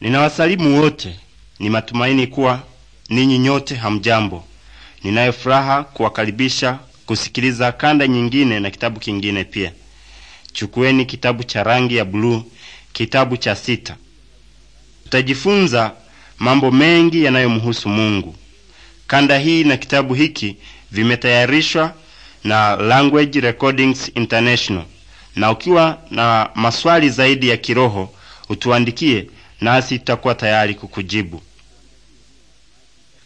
Ninawasalimu wote. Ni matumaini kuwa ninyi nyote hamjambo. Ninayo furaha kuwakaribisha kusikiliza kanda nyingine na kitabu kingine pia. Chukueni kitabu cha rangi ya bluu kitabu cha sita. Tutajifunza mambo mengi yanayomhusu Mungu. Kanda hii na kitabu hiki vimetayarishwa na Language Recordings International, na ukiwa na maswali zaidi ya kiroho utuandikie nasi tutakuwa tayari kukujibu.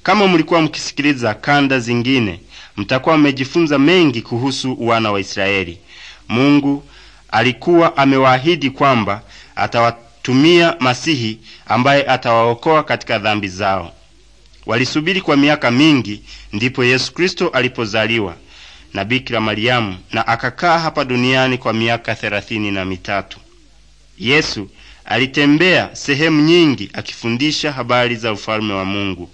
Kama mlikuwa mkisikiliza kanda zingine, mtakuwa mmejifunza mengi kuhusu wana wa Israeli. Mungu alikuwa amewaahidi kwamba atawatumia Masihi ambaye atawaokoa katika dhambi zao. Walisubiri kwa miaka mingi, ndipo Yesu Kristo alipozaliwa na Bikira Mariamu na akakaa hapa duniani kwa miaka thelathini na mitatu. Yesu Alitembea sehemu nyingi akifundisha habari za ufalme wa Mungu.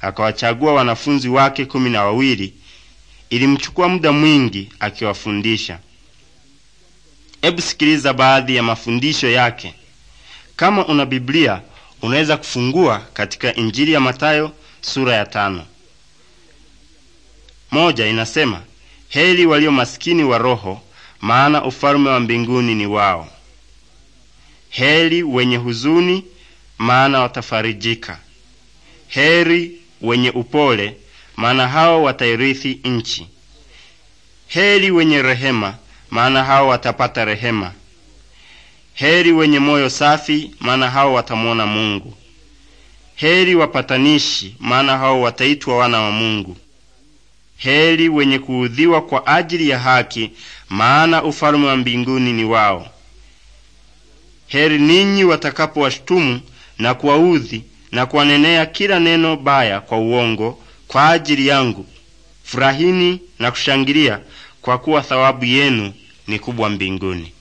Akawachagua wanafunzi wake kumi na wawili. Ilimchukua muda mwingi akiwafundisha. Hebu sikiliza baadhi ya mafundisho yake. Kama una Biblia unaweza kufungua katika Injili ya Mathayo sura ya tano. Moja inasema, heri walio maskini wa roho, maana ufalme wa mbinguni ni wao. Heri wenye huzuni, maana watafarijika. Heri wenye upole, maana hao watairithi nchi. Heri wenye rehema, maana hao watapata rehema. Heri wenye moyo safi, maana hao watamwona Mungu. Heri wapatanishi, maana hao wataitwa wana wa Mungu. Heri wenye kuudhiwa kwa ajili ya haki, maana ufalme wa mbinguni ni wao. Heri ninyi watakapowashtumu na kuwaudhi na kuwanenea kila neno baya kwa uongo kwa ajili yangu. Furahini na kushangilia, kwa kuwa thawabu yenu ni kubwa mbinguni.